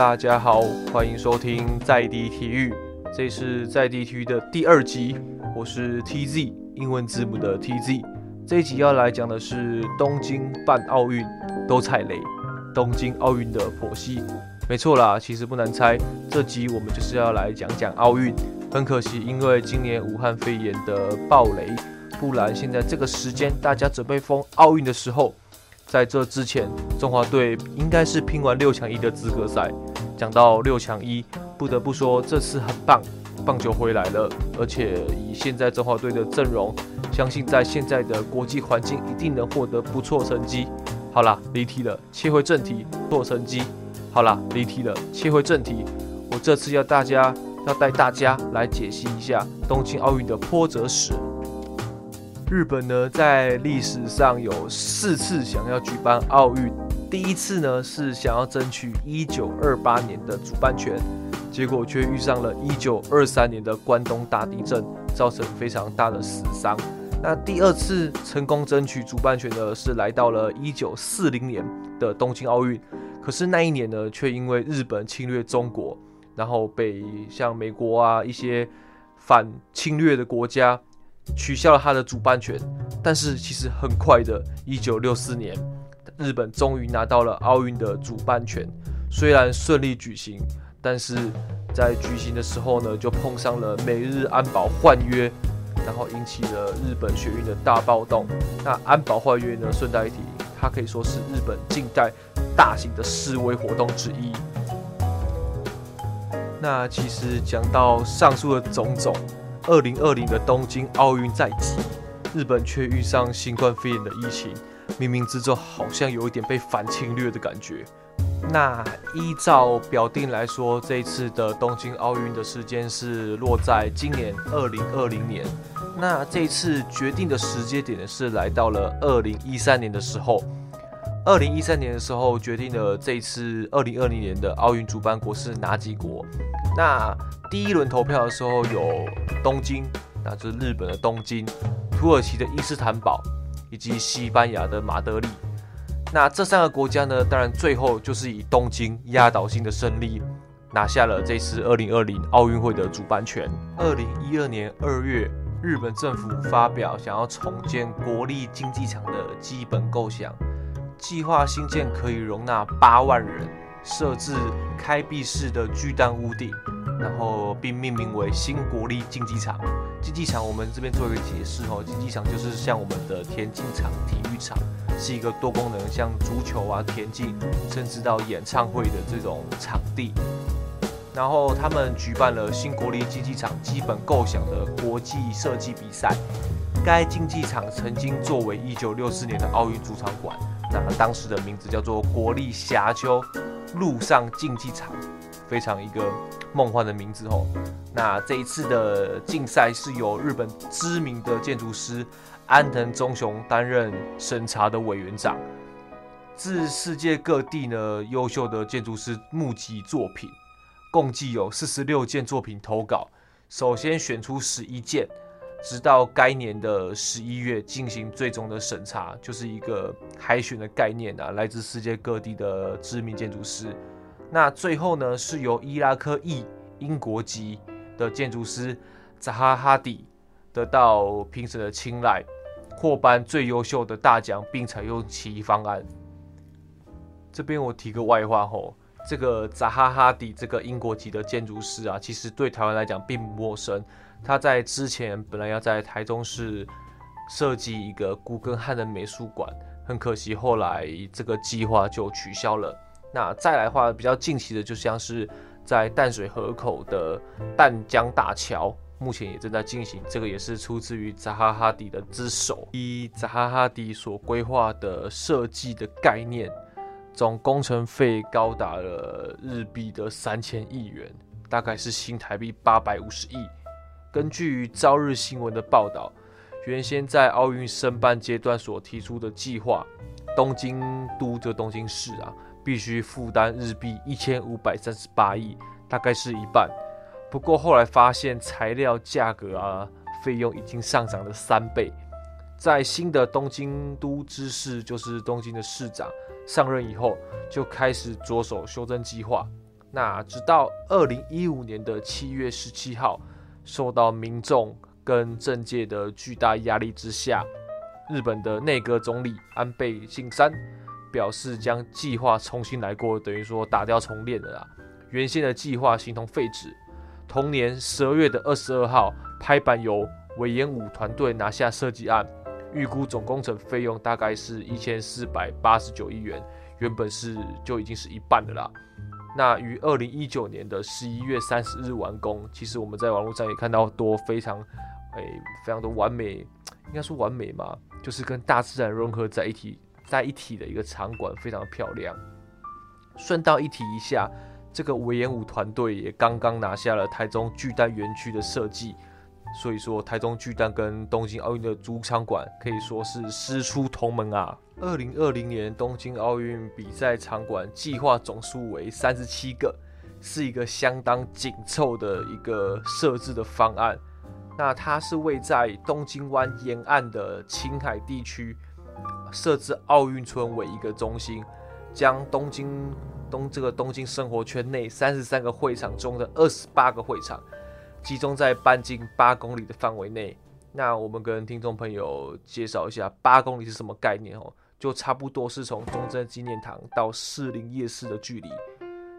大家好，歡迎收聽在地體育，這是在地體育的第二集，我是 T Z 英文字母的 T Z，這一集要來講的是東京辦奧運都踩雷，東京奧運的波折，沒錯啦，其實不難猜，這集我們就是要來講講奧運，很可惜，因為今年武漢肺炎的暴雷，不然現在這個時間，大家準備瘋奧運的時候。在這之前，中華隊應該是拼完六搶一的資格賽。講到六搶一，不得不說這次很棒，棒球回來了，而且以現在中華隊的陣容，相信在現在的國際環境一定能獲得不錯成績。好啦，離題了，切回正題，做成績。好啦，離題了，切回正題，我這次要大家要帶大家來解析一下東京奧運的波折史。日本呢，在歷史上有四次想要舉辦奧運。第一次呢，是想要爭取一九二八年的主辦權，結果卻遇上了一九二三年的關東大地震，造成非常大的死傷。那第二次成功爭取主辦權呢，是來到了一九四零年的東京奧運，可是那一年呢，卻因為日本侵略中國，然後被像美國啊一些反侵略的國家。取消了他的主辦權，但是其實很快的，一九六四年，日本終於拿到了奧運的主辦權。雖然順利舉行，但是在舉行的時候呢，就碰上了美日安保換約，然後引起了日本學運的大暴動。那安保換約呢，順帶一提，它可以說是日本近代大型的示威活動之一。那其實講到上述的種種。二零二零的東京奧運在即，日本卻遇上新冠肺炎的疫情，冥冥之中好像有一點被反侵略的感覺。那依照表定來說，這一次的東京奧運的時間是落在今年二零二零年，那這一次決定的時間點是來到了二零一三年的時候。二零一三年的時候，決定了這次二零二零年的奧運主辦國是哪幾國？那第一輪投票的時候，有東京，那就是日本的東京，土耳其的伊斯坦堡，以及西班牙的馬德里。那這三個國家呢，當然最後就是以東京壓倒性的勝利，拿下了這次二零二零奧運會的主辦權。二零一二年二月，日本政府發表想要重建國立競技場的基本構想。計劃新建可以容納八萬人，設置開閉式的巨蛋屋頂，然後並命名為新國立競技場。競技場我們這邊做一個解釋哦，競技場就是像我們的田徑場、體育場，是一個多功能，像足球啊、田徑，甚至到演唱會的這種場地。然後他們舉辦了新國立競技場基本構想的國際設計比賽。該競技場曾經作為一九六四年的奧運主場館。那當時的名字叫做“國立霞丘陸上競技場”，非常一個夢幻的名字哦。那這一次的競賽是由日本知名的建築師安藤忠雄擔任審查的委員長，自世界各地呢優秀的建築師募集作品，共計有四十六件作品投稿，首先選出十一件。直到該年的十一月進行最終的審查，就是一個海選的概念啊，來自世界各地的知名建築師。那最後呢，是由伊拉克裔英國籍的建築師扎哈·哈迪得到評審的青睞，獲頒最優秀的大獎，並採用其方案。這邊我提個外話吼、哦。這個扎哈哈迪這個英國籍的建築師啊，其實對台灣來講並不陌生。他在之前本來要在台中市設計一個古根漢的美術館，很可惜後來這個計劃就取消了。那再來的話，比較近期的，就像是在淡水河口的淡江大橋，目前也正在進行。這個也是出自於扎哈哈迪的之手，以扎哈哈迪所規劃的設計的概念。總工程費高達了日幣的三千億元，大概是新台幣八百五十億。根據《朝日新聞》的報道，原先在奧運申辦階段所提出的計劃，東京都就東京市啊，必須負擔日幣一千五百三十八億，大概是一半。不過後來發現材料價格啊，費用已經上漲了三倍。在新的東京都知事，就是東京的市長，上任以後就開始着手修正計劃，那直到二零一五年的七月十七號，受到民眾跟政界的巨大壓力之下，日本的內閣總理安倍晉三表示將計劃重新來過，等於說打掉重練了啦，原先的計劃形同廢紙。同年十二月的二十二號，拍板由隈研吾團隊拿下設計案。預估總工程費用大概是一千四百八十九億元，原本是就已經是一半了啦。那於二零一九年的十一月三十日完工。其實我們在網絡上也看到多非常，誒、哎，非常的完美，應該說完美嘛，就是跟大自然融合在一起，在一體的一個場館，非常的漂亮。順道一提一下，這個隈研吾團隊也剛剛拿下了台中巨蛋園區的設計。所以說，台中巨蛋跟東京奧運的主場館可以說是師出同門啊。二零二零年東京奧運比賽場館計劃總數為三十七個，是一個相當緊湊的一個設置的方案。那它是位在東京灣沿岸的青海地區，設置奧運村為一個中心，將東京東這個東京生活圈內三十三個會場中的二十八個會場。集中在半徑八公里的範圍內。那我們跟聽眾朋友介紹一下，八公里是什麼概念哦？就差不多是從中正紀念堂到士林夜市的距離。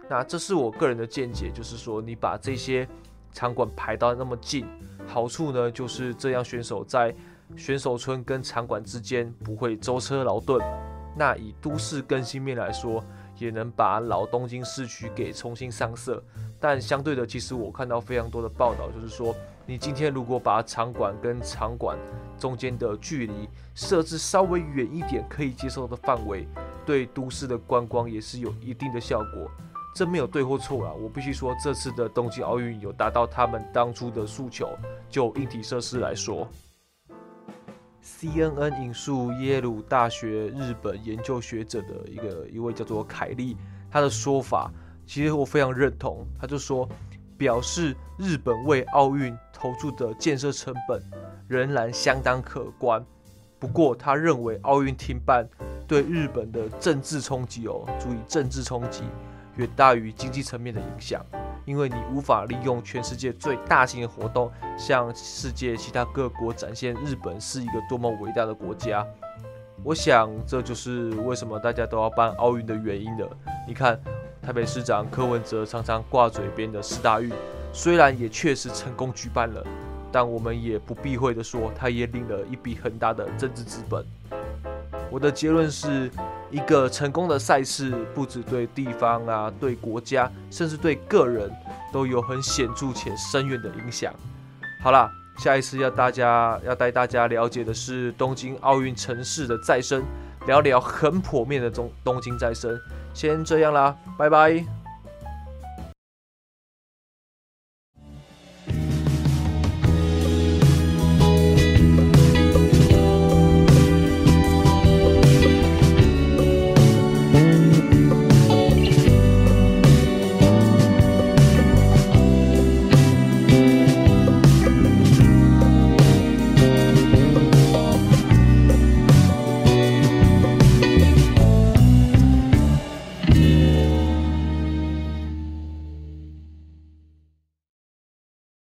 那這是我個人的見解，就是說你把這些場館排到那麼近，好處呢就是這樣選手在選手村跟場館之間不會舟車勞頓。那以都市更新面來說，也能把老東京市區給重新上色。但相對的，其實我看到非常多的報道，就是說，你今天如果把場館跟場館中間的距離設置稍微遠一點，可以接受的範圍，對都市的觀光也是有一定的效果。這沒有對或錯啊。我必須說，這次的東京奧運有達到他們當初的訴求。就硬體設施來說，CNN 引述耶魯大學日本研究學者的一個一位叫做凱利，他的說法。其實我非常認同，他就說，表示日本為奧運投注的建設成本仍然相當可觀。不過他認為奧運停辦對日本的政治衝擊哦，注意政治衝擊遠大於經濟層面的影響，因為你無法利用全世界最大型的活動向世界其他各國展現日本是一個多麼偉大的國家。我想這就是為什麼大家都要辦奧運的原因了。你看。台北市長柯文哲常常掛嘴邊的世大運，雖然也確實成功舉辦了，但我們也不避諱地說，他也領了一筆很大的政治資本。我的結論是一個成功的賽事，不只對地方啊、對國家，甚至對個人，都有很顯著且深遠的影響。好啦，下一次要大家要帶大家了解的是東京奧運城市的再生，聊聊很普遍的東東京再生。先這樣啦，拜拜。